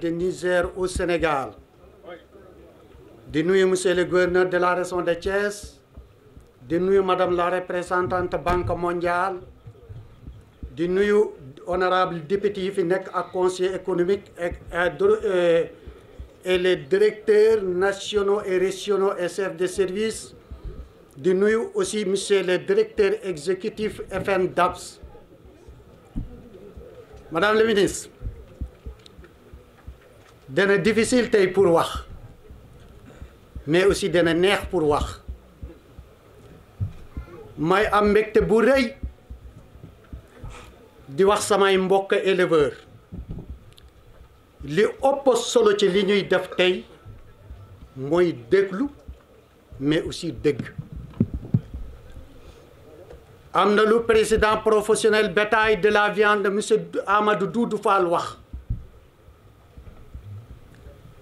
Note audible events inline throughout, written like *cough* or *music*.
de Niger au Sénégal di nuyu monsieur le gouverneur de la région de Thiès di nuyu madame la représentante banque mondiale di nuyu honorable député yi fi nekk ak conseil économique et et les directeurs nationaux et régionaux et chefs de service di nuyu aussi monsieur le directeur exécutif FNDAPS madame le ministre dana difficile tey pour wax mais aussi dana neex pour wax may am mbégte bu rëy di wax samay mbokk éleveur li ëpp solo ci li ñuy def tey mooy déglu mais aussi dégg am na lu président professionnel bétail de la viande monsieur Amadou Doudou Fall wax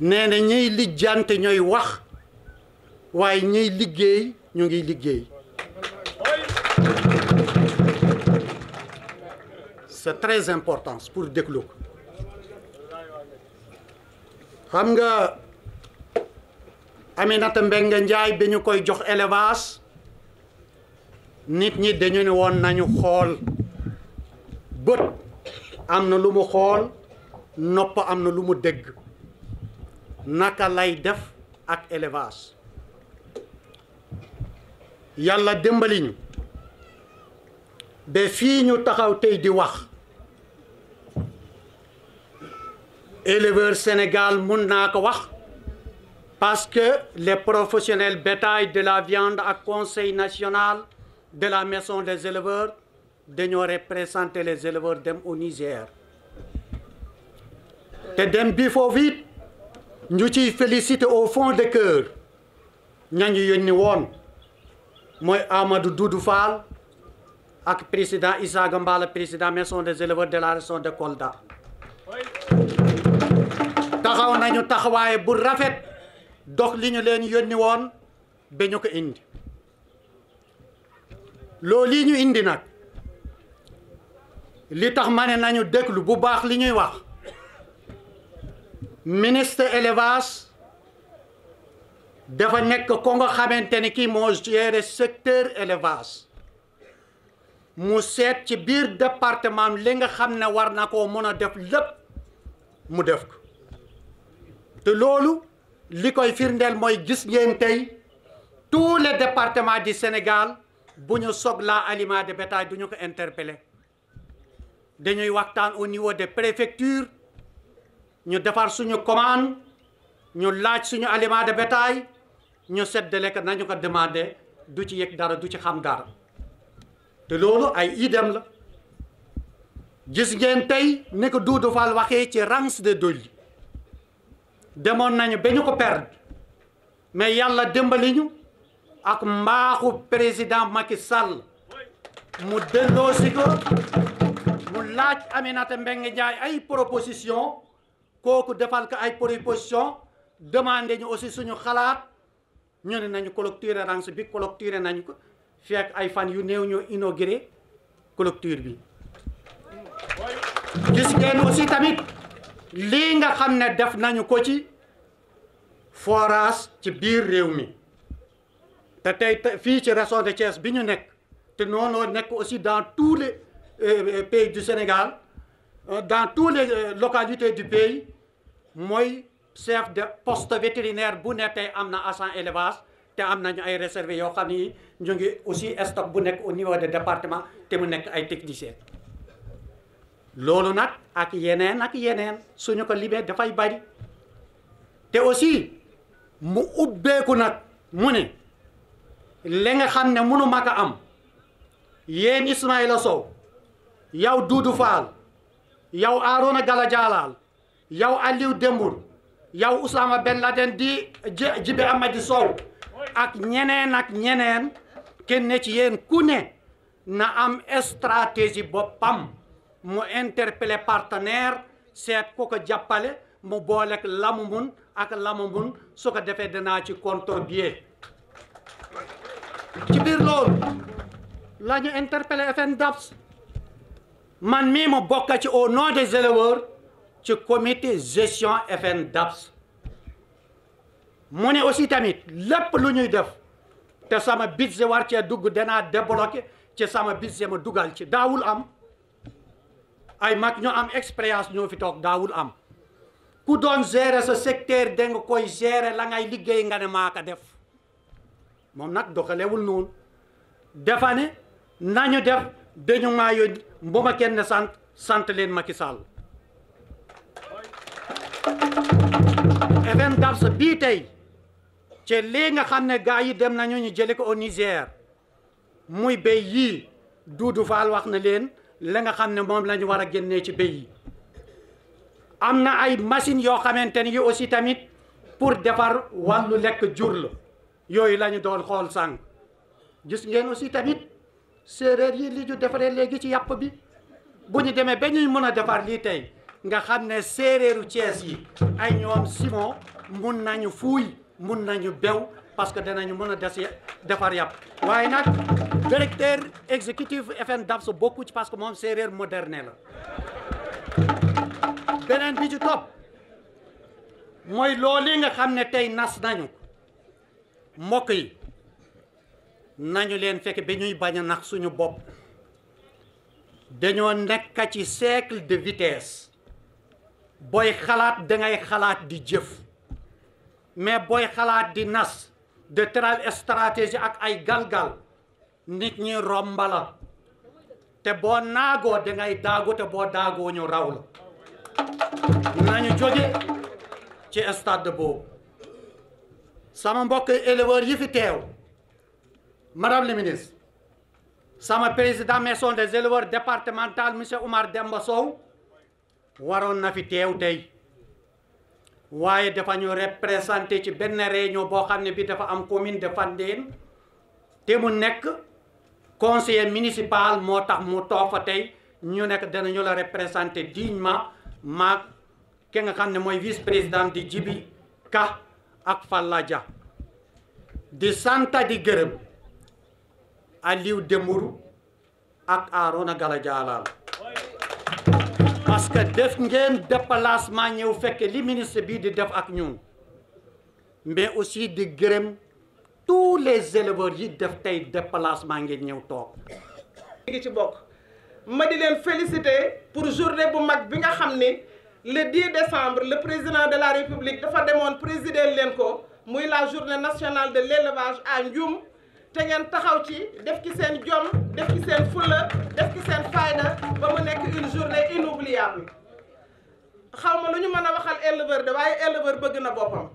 nee na ñiy lijjante ñooy wax waaye ñiy liggéey ñu ngi liggéey c'est très important pour déglu ko xam nga Aminata Mbengue Ndiaye bi ñu koy jox élevage nit ñi dañu ne woon nañu xool bët am na lu mu xool nopp am na lu mu dégg naka lay def ak élevage yàlla ñu ba fii ñu taxaw tey di wax éleveur Sénégal mun naa ko wax parce que les professionnels bétail de la viande ak conseil national de la maison des éleveurs dañoo représenter les éleveurs dem au Niger te dem bi nju ciy félicité au fond de cœur ñañu yónni woon mooy Amadou Doudou Fall ak président Issa Gambala président maison des éleveurs de la région de Kolda taxaw nañu taxawaaye bu rafet dox li ñu leen yónni woon ba ko indi loolu yi ñu indi nag li tax ma ne nañu déglu bu baax li ñuy wax ministre élevage dafa nekk ko nga xamante ni kii moo géré secteur élevage mu seet ci biir département li nga xam ne war na koo mën a def lépp mu def ko te loolu li koy firndeel mooy gis ngeen tey tous les départements du Sénégal bu ñu la aliment de bétail du ñu ko interpeller dañuy waxtaan au niveau des préfectures ñu defar suñu commande ñu laaj suñu aliment de bétail ñu seddale ko nañu ko demandé du ci yëg dara du ci xam dara te loolu ay idem la gis ngeen tey ni ko Doudou Fall waxee ci rangs de Dolly demoon nañu ba ñu ko perdre mais yàlla dimbali ñu ak mbaaxu président Macky Sall mu delloosi ko mu laaj Aminata Mbengue Ndiaye ay proposition kooku defal ko ay proposition demandé ñu aussi suñu xalaat ñu ne nañu clôturer ranch bi clôturer nañu ko fekk ay fan yu néew ñoo inauguré clôture bi gis ngeen aussi tamit li nga xam ne def nañu ko ci forage ci biir réew mi te tey fii ci région de Thiès bi ñu nekk te noonoo nekk aussi dans tous les euh, euh, pays du Sénégal euh, dans toutes les localités du pays mooy chef de poste vétérinaire bu ne tey am na agent élevage te am nañu ay réservé yoo xam ni ñu aussi stock bu nekk au niveau de département te mu nekk ay technicien loolu nag ak yeneen ak yeneen suñu ko limee dafay bari te aussi mu ubbeeku nag mu ne li nga xam ne mënu ma ko am yéen Ismaïla Sow yow Doudou Fall yow Arouna Gala Jaalaal yow Aliou Dembour yow Oussama Ben Laden di Djiby Amady soow ak ñeneen ak ñeneen kenn ci yéen ku ne na am stratégie boppam mu interpeller partenaire seet ku ko jàppale mu boolek lamu mun ak lamu mun su ko defee danaa ci contribuer ci biir loolu la ñu interpeller FNDAPS man mii mu bokk ci o nom des éleveurs ci comité gestion FN DAPS mu ne aussi tamit lépp lu ñuy def te sama budget war cee dugg danaa débloqué ci sama budget ma dugal ci daawul am ay mag ñu am expérience ñoo fi toog daawul am ku doon gérer sa secteur da nga koy geere la ngay liggéey nga ne maa ko def moom nag doxalewul noonu dafa ne ñu def dañu maa yónni bu kenn sant sant leen Macky Sall event dars bii tey ci lii nga xam ne gars yi dem nañu ñu jële ko au Niger muy béy yii Doudou Fall wax na leen la nga xam ne moom la ñu war a génnee ci béy yi am na ay machines yoo xamante ni yi aussi tamit pour defar lu lekk jur la yooyu la ñu doon xool sànq gis ngeen aussi tamit séeréer yi li ñu defaree léegi ci yàpp bi bu ñu demee ba ñuy mën a defar lii tey nga xam ne séeréeru Thiès yi ay ñoom Simon mun nañu fuuy mun nañu bew parce que danañu mën a des defar yàpp waaye nag directeur exécutif FN DAPS bokku ci parce que moom séeréer moderne la beneen bi ci topp mooy loolu nga xam ne tey nas nañu mbokk yi nañu leen fekk bi ñuy bañ a nax suñu bopp dañoo nekk ci siècle de vitesse booy xalaat dangay xalaat di jëf mais booy xalaat di nas de travers stratégie ak ay galgal nit ñi rombala te boo naagoo dangay daagu te boo daagoo ñu raw la nañu jóge ci stade boobu sama mbokk éleveurs yi fi teew madame la ministre sama président maison des éleveurs départemental monsieur Oumar Demba Sow waroon na fi teew tey waaye dafa ñu représenté ci benn réunion boo xam ne bi dafa am commune de Fandène te mu nekk conseiller municipal moo tax mu toog fa tey ñu nekk danañu la représenté dignement maag ki nga xam ne mooy vice président di Jibi Ka ak Falla Dia di santa di gërëm Aliou Dembourou ak Arona Gala Dialal parce que def ngeen déplacement ñëw fekk li ministre bii di def ak ñun mais aussi di gërëm tous les éleveurs yi def tey déplacement ngeen ñëw toog. ngi ci bokk ma di leen féliciter pour journée bu mag bi nga xam ni le 10 décembre le président de la république dafa demoon présider leen ko muy la journée nationale de l'élevage à Ndioum te ngeen taxaw ci def ci seen jom def ci seen fulla yàlla xaw ma lu ñu mën a waxal éleveur de waaye éleveur bëgg na boppam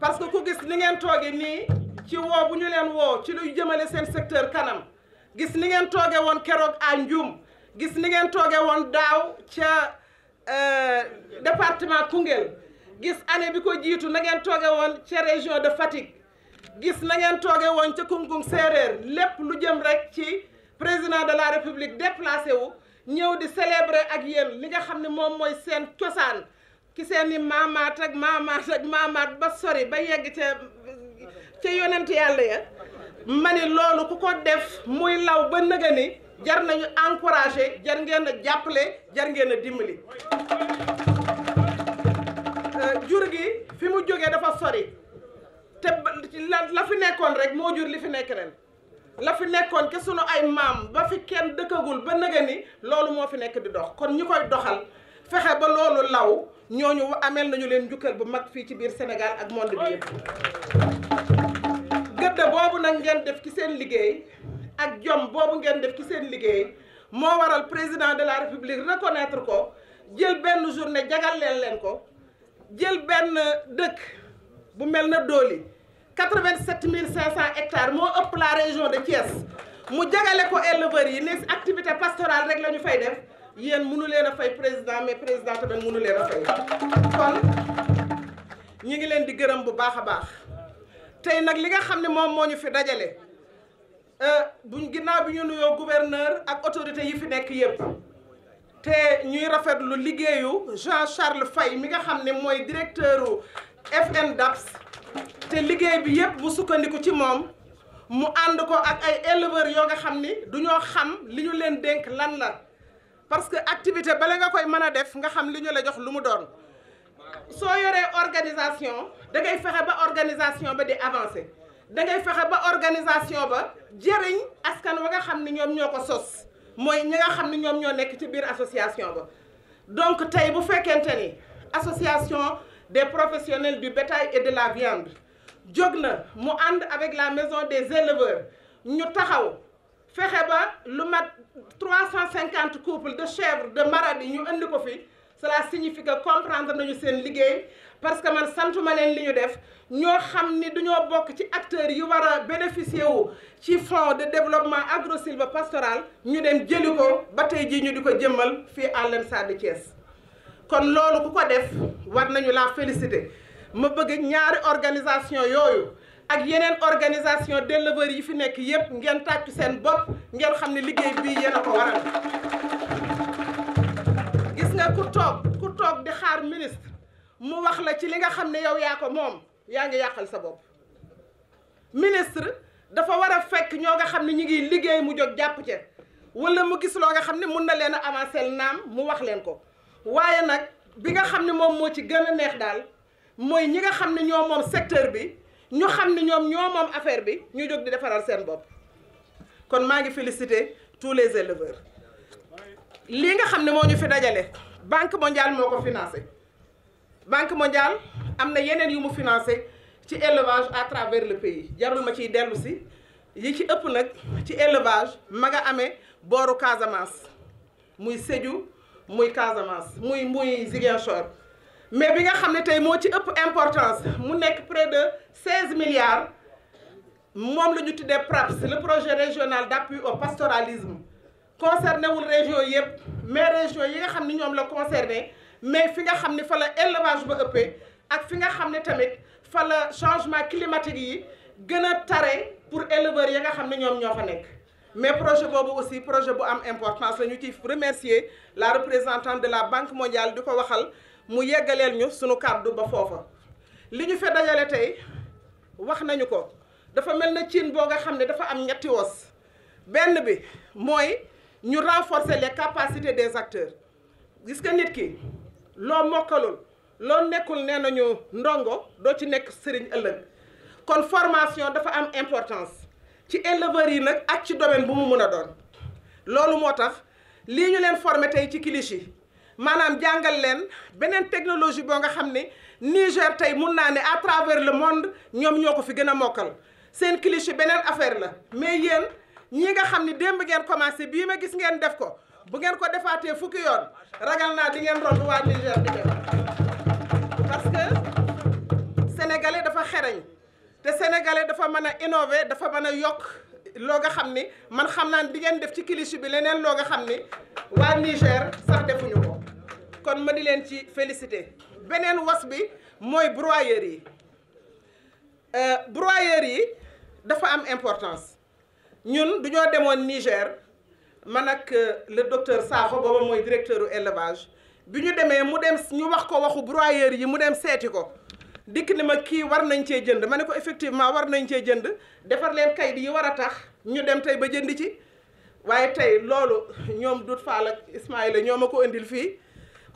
parce que ku gis ni ngeen tooge nii ci woo bu ñu leen woo ci luy jëmale seen secteur kanam gis ni ngeen tooge woon keroog à Ndioum gis ni ngeen tooge woon daaw ca euh, département Koungheul gis année bi ko jiitu na ngeen tooge woon ca région de Fatick gis na ngeen tooge woon ca Kungkung séeréer lépp lu jëm rek ci président de la république déplacé wu ñëw di célébrer ak yéen li nga xam ne moom mooy seen cosaan ki seen maamaat ak maamaat ak maamaat ba sori ba yegg ca ca yonent yàlla ya ma loolu ku ko def muy law ba nëga ni jar nañu encourager jar ngeen a jàppale jar ngeen a euh, jur gi fi mu jógee dafa sori te la fi nekkoon rek moo jur li fi nekk ren la fi nekkoon ke ay maam ba fi kenn dëkkagul ba nëgë loolu moo fi nekk di dox kon ñi koy doxal fexe ba loolu law ñooñu ameel nañu leen njukkal bu mag fii ci biir Sénégal ak monde bi yëpp gëdd boobu nag ngeen def ci seen liggéey ak jom boobu ngeen def ci seen liggéey moo waral président de la république reconnaître ko jël benn journée jagal leen leen ko jël benn dëkk bu mel na Doli quatre-vingt-sept mille cinq cent hectares moo ëpp la région de Thiès mu jagale ko éleveurs yi ne activité pastorale rek la ñu fay def yéen mënu leen a fay président mais président tamit mënu leen a fay kon ñu ngi leen di gërëm bu baax a baax tey nag li nga xam ne moom moo ñu fi dajale euh, buñ ginnaaw bi ñu nuyoo gouverneur ak autorité yi fi nekk yëpp te ñuy rafetlu liggéeyu Jean Charles fay mi nga xam ne mooy directeur u FNDAPS te liggéey bi yépp mu sukkandiku ci moom mu ànd ko ak ay éleveurs yoo nga xam ni du ñoo xam li ñu leen dénk lan la parce que activité bala nga koy mën a def nga xam li ñu la jox lu mu doon soo yoree organisation da ngay fexe ba organisation ba di avancer da ngay fexe ba organisation ba jëriñ askan wa nga xam ni ñoom ñoo ko sos mooy ñi nga xam ni ñoom ñoo nekk ci biir association ba donc tey bu fekkente ni association des professionnel du bétail et de la viande jóg na mu ànd avec la maison des éleveurs ñu taxaw fexe ba lu mat trois cent cinquante couples de chèvres de maradi ñu indi ko fi cela signifie que comprendre nañu seen liggéey parce que man santuma leen li ñu def ñoo xam ni duñoo bokk ci acteurs yu war a bénéficier wu ci fonds de développement agro ba pastoral ñu dem jëli ko ba tey jii ñu di ko jëmmal fii à l'ENSA de Thiès kon loolu ku ko def war nañu la féliciter ma bëgg ñaari organisation yooyu ak yeneen organisation d'éleveurs yi fi nekk yépp ngeen tàccu seen bopp ngeen xam ne liggéey bii yéen a ko waral gis nga ku toog ku toog di xaar ministre mu wax la ci li nga xam ne yow yaa ko moom yaa ngi yàqal sa bopp ministre dafa war a fekk ñoo nga xam ne ñu ngi liggéey mu jot jàpp ca wala mu gis loo nga xam ne mun na leen a avancer naam mu wax leen ko waaye nag bi nga xam ne moom moo ci gën a neex daal mooy ñi nga xam ne ñoo moom secteur bi ñu xam ne ñoom ñoo moom affaire bi ñu jóg di defaral seen bopp kon maa ngi féliciter tous les éleveurs li nga xam ne moo ñu fi dajale banque mondiale moo ko financé banque mondiale am na yeneen yu mu financé ci élevage à travers le pays jarul ma ciy dellusi si yi ci ëpp nag ci élevage ma nga ame booru Casamance muy Sédhiou muy Casamance muy muy Ziguinchor mais bi nga xam ne tey moo ci ëpp importance mu nekk près de 16 milliards moom la ñu tuddee PRAPS le projet régional d' appui au pastoralisme concerné wul région yëpp mais région yi nga xam ni ñoom la concerné mais fi nga xam ni fa la élevage bu ëppee ak fi nga xam ne tamit fa la changement climatique yi gën a tare pour éleveurs yi nga xam ne ñoom ñoo fa nekk mais projet boobu aussi projet bu am importance la ñu ci remercier la représentant de la banque mondiale di ko waxal mu yeggaleel ñu sunu kàddu ba foofa li ñu fe dajale tey wax nañu ko dafa mel na cin boo nga xam ne dafa am ñetti wos benn bi mooy ñu renforcer les capacités des acteurs gis nga nit ki loo mokkalul loo nekkul nee nañu ndongo doo ci nekk sëriñ ëllëg kon formation dafa am importance ci éleveurs yi nag ak ci domaine bu mu mun a doon loolu moo tax lii ñu leen forme tey ci yi maanaam jàngal leen beneen technologie boo nga xam ne Niger tey mun naa ne à travers le monde ñoom ñoo ko fi gën a mokkal seen cliché beneen affaire la mais yéen ñi nga xam ni démb ngeen commencé bii ma gis ngeen def ko bu ngeen ko defaatee fukki yoon ragal naa di ngeen rond waa Niger di parce que sénégalais dafa xereñ te sénégalais dafa mën a innover dafa mën a yokk loo nga xam ni man xam naa di ngeen def ci cliché bi leneen loo nga xam ni waa kon ma di leen ci félicité beneen was bi mooy broyeur yi euh, broyeur yi dafa am importance ñun du ñoo demoon Niger man ak euh, le docteur Sakho booba mooy directeur u élevage bi ñu demee mu dem ñu wax ko waxu broyeur yi mu dem seeti ko dikk ni ma kii war nañ cee jënd ma ne ko effectivement war nañ cee jënd defar leen kay kayit yi war a tax ñu dem tey ba jënd ci waaye tey loolu ñoom Doudou Fall ak Ismaïla ñoo ma ko indil fii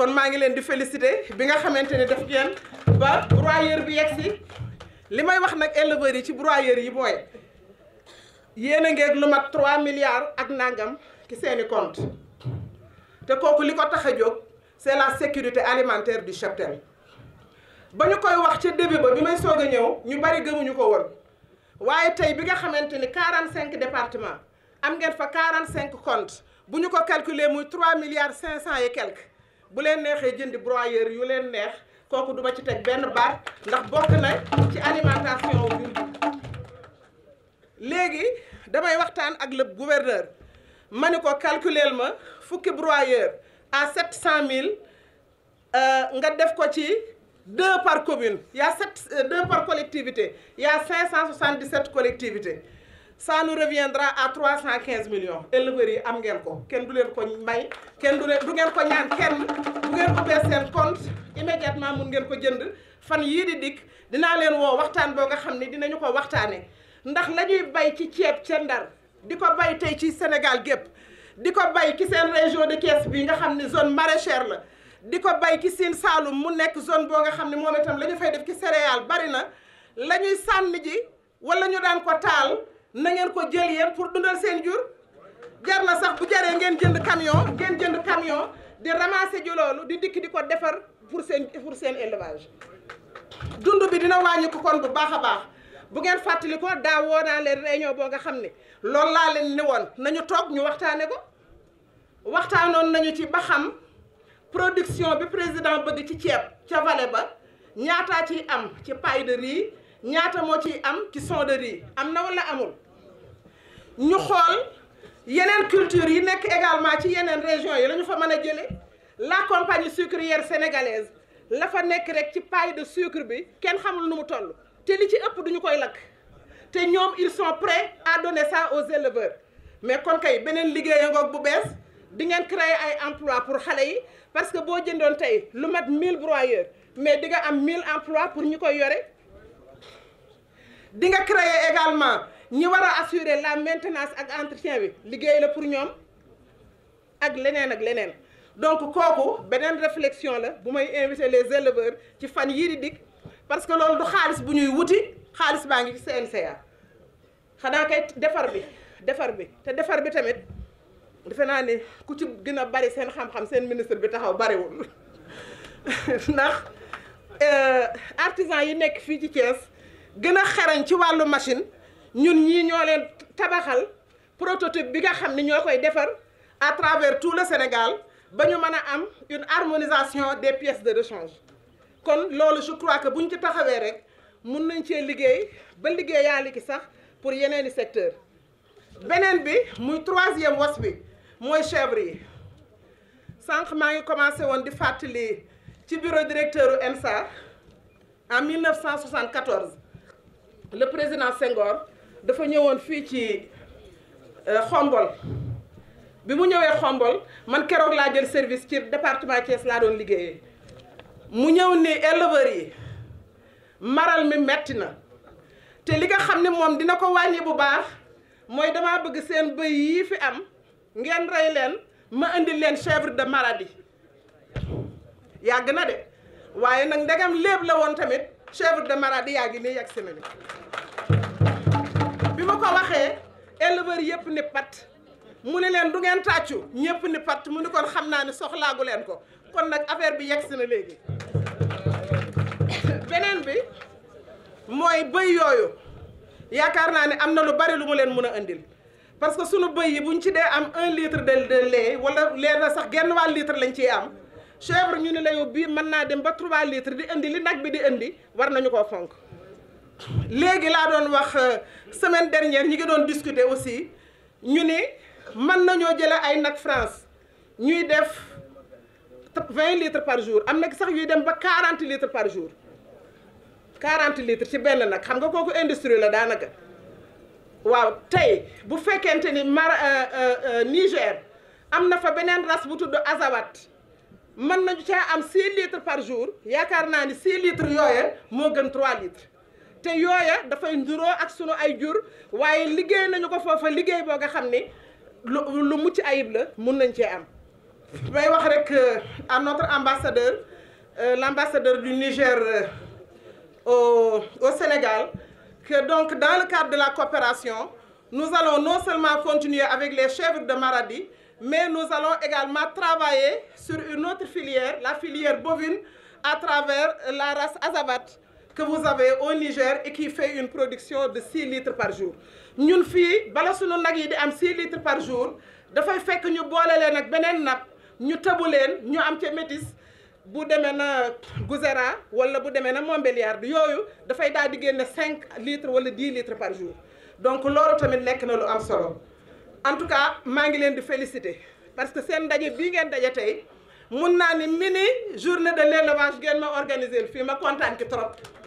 kon maa ngi leen di féliciter bi nga xamante ne def ngeen ba broyeur bi yegg li may wax nag éleveurs yi ci broyeur yi booy yéen a ngeeg lu mat 3 milliards ak nangam ci seeni compte te kooku li ko tax a jóg c'est la sécurité alimentaire du cheptel ba ñu koy wax ca début ba bi may soog a ñëw ñu bari gëmuñu ko woon waaye tey bi nga xamante ni cinq département am ngeen fa cinq compte bu ñu ko calculer muy 3 milliards 500 yi quelque bu leen neexee jëndi broyeur yu leen neex kooku duma ci teg benn baat ndax bokk na ci alimentation jur léegi damay waxtaan ak le gouverneur ma ni ko calculeel ma fukki broyeur à sept cent mille euh, nga def ko ci deux par commune y a sept euh, deux par collectivité y a cinq cent soixante-dix-sept collectivités ça nous reviendra à trois cent quinze millions éleveurs yi am ngeen ko kenn du leen ko may kenn du leen du ngeen ko ñaan kenn bu ngeen ubbee seen compte immédiatement mun ngeen ko jënd fan yii di dikk dinaa leen woo waxtaan boo nga xam ne dinañu ko waxtaane ndax la ñuy bay ci ceeb ca Ndar di ko bay tey ci Sénégal gépp di ko bay ki seen région de Thiès bi nga xam ne zone maraîchère la di ko bay ci Sine Saalum mu nekk zone boo nga xam ne moom itam la ñu fay def ci céréales bari na la ñuy sànni ji wala ñu daan ko taal na ngeen ko jël yéen pour dundal seen jur jar na sax bu jaree ngeen jënd camion ngeen jënd camion di ramasser ji di dikk di ko defar pour seen pour seen élevage dund bi dina wàññi ko kon bu baax a baax bu ngeen fàttali ko daa woo naa leen réunion boo nga xam ne loolu laa leen ni woon nañu toog ñu waxtaane ko waxtaanoon nañu ci ba xam production bi président bëgg ci ceeb ca vallée ba ñaata ciy am ci paille de riz ñaata moo ciy am ci son de riz am na wala amul ñu xool yeneen culture yi nekk également ci yeneen région yi lañu fa mën a jële la compagnie sucrière sénégalaise la fa nekk rek ci paille de sucre bi kenn xamul nu mu toll te li ci ëpp duñu koy lakk te ñoom il sont prêts à sa ça aux éleveurs mais kon kay beneen liggéeya ngoog bu bees di ngeen créer ay emploi pour xale yi parce que boo jëndoon tey lu mat 1000 broyeurs mais di nga am 1000 emplois pour ñu koy yore di nga créer également ñi war a assurer la maintenance ak entretien bi liggéey la pour ñoom ak leneen ak leneen donc kooku beneen réflexion la bu may inviter les éleveurs ci fan yii di dikk parce que loolu du xaalis bu ñuy wuti xaalis baa ngi ci CNCA xanaa kay defar bi defar bi te defar bi tamit defe naa ne ku ci gën a bari seen xam-xam seen ministre bi taxaw bariwul *laughs* ndax euh, artisan yi nekk fii ci Thiès gën a xarañ ci wàllu machine ñun ñii ñoo leen tabaxal prototype bi nga xam ni ñoo koy defar à travers tout le Sénégal ba ñu mën a am une harmonisation des pièces de rechange kon loolu je crois que bu ñu ci taxawee rek mun nañ cee liggéey ba liggéeyaale ki sax pour yeneeni secteur beneen bi muy troisième was bi mooy chèvre yi sànq maa ngi commencé woon di fàttali ci bureau directeur u ENSA en 1974 le président Senghor dafa ñëwoon fii ci euh, xombol bi mu ñëwee xombol man keroog laa jël service ci département Thiès laa doon liggéeyee mu ñëw ni éleveurs yi maral mi metti na te li nga xam ne moom dina ko wàññi bu baax mooy damaa bëgg seen bëy yii fi am ngeen rey leen ma indi leen chèvre de maladie yàgg na de waaye nag ndegam léeb la woon tamit chèvre de maradi yaa ngi nii yegg si ko waxee éleveurs yëpp ni pat mu ni leen du ngeen tàccu ñëpp ni pat mu ne kon xam naa ne soxlaagu leen ko kon nag affaire bi yegg si na léegi *coughs* beneen bi mooy bëy yooyu yaakaar naa ni am na lu bari lu mu leen mën a indil parce que suñu bëy yi buñ ci dee am un litre de de lait wala leen sax genn wàll litre lañ ciy am chèvre ñu ne la yow bii mën naa dem ba trois litres di indi li nag bi di indi war nañu ko fonk léegi laa doon wax euh, semaine dernière ñi ngi doon discuter aussi ñu ni mën nañoo jële ay nag France ñuy def vingt litres par jour am na sax yuy dem ba quarante litres par jour quarante litres ci benn nag xam nga kooku industrie la daanaka waaw tey bu fekkente ni Mar euh, euh, Niger am na fa beneen race bu tudd azawat mën nañu caa am six litres par jour yaakaar naa ni six litres yooya moo gën trois litres te yooya dafay nduróo ak sunu ay jur waaye liggéey nañu ko foofa liggéey boo nga xam ni lu lu mucc ayib la mun nañ cee am. may wax rek euh, à notre ambassadeur euh, l' ambassadeur du Niger euh, au au Sénégal que donc dans le cadre de la coopération nous allons non seulement continuer avec les chèvres de Maradi mais nous allons également travailler sur une autre filière la filière bovine à travers la race Azavat. que vous avez au Niger et qui fait une production de 6 litres par jour ñun fii bala sunu nag yi di am 6 litres par jour dafay fekk ñu boole leen ak beneen napp ñu tëbu leen ñu am ci métis bu demee na Gouzera wala bu demee na Montbéliarde yooyu dafay daal di cinq 5 litres wala 10 par jour donc loolu tamit nekk na lu am solo en tout cas maa ngi leen di féliciter parce que seen ndaje bii ngeen daje tey mun naa ni mini journée de l'élevage ngeen ma organiser fii ma kontaan ki trop.